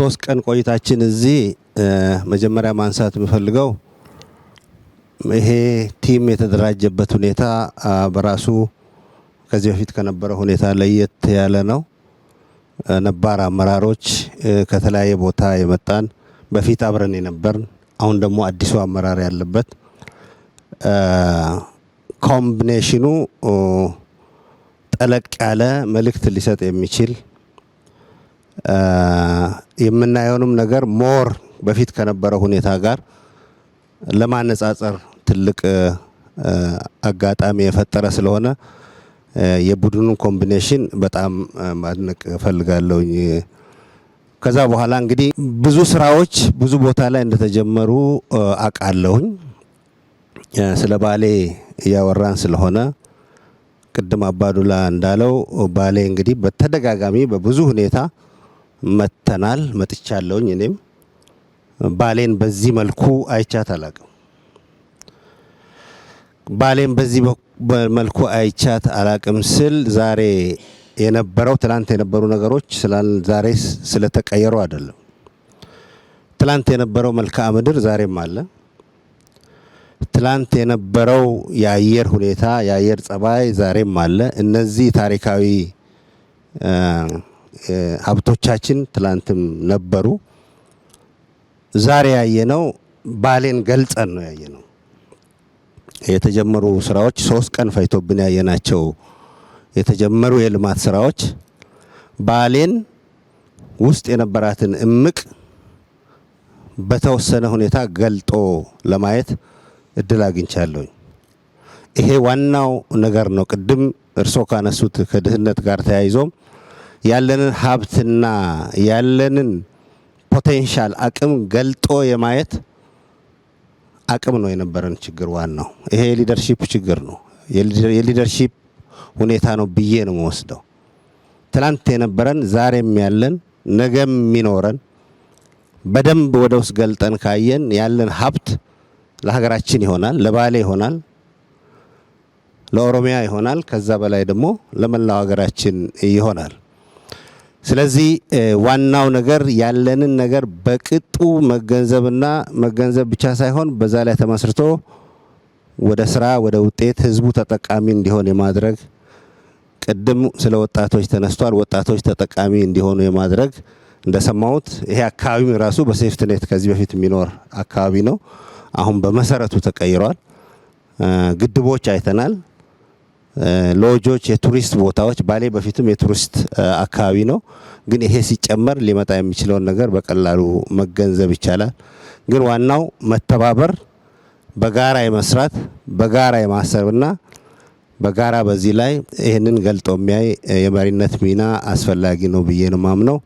ሶስት ቀን ቆይታችን እዚህ መጀመሪያ ማንሳት የምፈልገው ይሄ ቲም የተደራጀበት ሁኔታ በራሱ ከዚህ በፊት ከነበረ ሁኔታ ለየት ያለ ነው። ነባር አመራሮች ከተለያየ ቦታ የመጣን በፊት አብረን የነበርን አሁን ደግሞ አዲሱ አመራር ያለበት ኮምቢኔሽኑ ጠለቅ ያለ መልእክት ሊሰጥ የሚችል የምናየውንም ነገር ሞር በፊት ከነበረ ሁኔታ ጋር ለማነጻጸር ትልቅ አጋጣሚ የፈጠረ ስለሆነ የቡድኑን ኮምቢኔሽን በጣም ማድነቅ እፈልጋለሁኝ። ከዛ በኋላ እንግዲህ ብዙ ስራዎች ብዙ ቦታ ላይ እንደተጀመሩ አውቃለሁኝ። ስለ ባሌ እያወራን ስለሆነ ቅድም አባዱላ እንዳለው ባሌ እንግዲህ በተደጋጋሚ በብዙ ሁኔታ መጥተናል። መጥቻለሁኝ። እኔም ባሌን በዚህ መልኩ አይቻት አላቅም። ባሌን በዚህ መልኩ አይቻት አላቅም ስል ዛሬ የነበረው ትላንት የነበሩ ነገሮች ዛሬ ስለተቀየሩ አይደለም። ትላንት የነበረው መልክዓ ምድር ዛሬም አለ። ትላንት የነበረው የአየር ሁኔታ የአየር ጸባይ ዛሬም አለ። እነዚህ ታሪካዊ ሀብቶቻችን ትላንትም ነበሩ። ዛሬ ያየነው ባሌን ገልጸን ነው ያየነው። የተጀመሩ ስራዎች ሶስት ቀን ፈጅቶብን ያየናቸው የተጀመሩ የልማት ስራዎች ባሌን ውስጥ የነበራትን እምቅ በተወሰነ ሁኔታ ገልጦ ለማየት እድል አግኝቻለሁኝ። ይሄ ዋናው ነገር ነው። ቅድም እርስዎ ካነሱት ከድህነት ጋር ተያይዞም ያለንን ሀብትና ያለንን ፖቴንሻል አቅም ገልጦ የማየት አቅም ነው የነበረን ችግር ዋናው። ይሄ የሊደርሺፕ ችግር ነው፣ የሊደርሺፕ ሁኔታ ነው ብዬ ነው የምወስደው። ትናንት የነበረን ዛሬም ያለን ነገም የሚኖረን በደንብ ወደ ውስጥ ገልጠን ካየን ያለን ሀብት ለሀገራችን ይሆናል፣ ለባሌ ይሆናል፣ ለኦሮሚያ ይሆናል፣ ከዛ በላይ ደግሞ ለመላው ሀገራችን ይሆናል። ስለዚህ ዋናው ነገር ያለንን ነገር በቅጡ መገንዘብና መገንዘብ ብቻ ሳይሆን በዛ ላይ ተመስርቶ ወደ ስራ ወደ ውጤት ህዝቡ ተጠቃሚ እንዲሆን የማድረግ ቅድም ስለ ወጣቶች ተነስቷል። ወጣቶች ተጠቃሚ እንዲሆኑ የማድረግ እንደሰማሁት ይሄ አካባቢም ራሱ በሴፍትኔት ከዚህ በፊት የሚኖር አካባቢ ነው። አሁን በመሰረቱ ተቀይሯል። ግድቦች አይተናል። ሎጆች፣ የቱሪስት ቦታዎች ባሌ በፊትም የቱሪስት አካባቢ ነው፣ ግን ይሄ ሲጨመር ሊመጣ የሚችለውን ነገር በቀላሉ መገንዘብ ይቻላል። ግን ዋናው መተባበር፣ በጋራ የመስራት በጋራ የማሰብና በጋራ በዚህ ላይ ይህንን ገልጦ የሚያይ የመሪነት ሚና አስፈላጊ ነው ብዬ ነው ማምነው።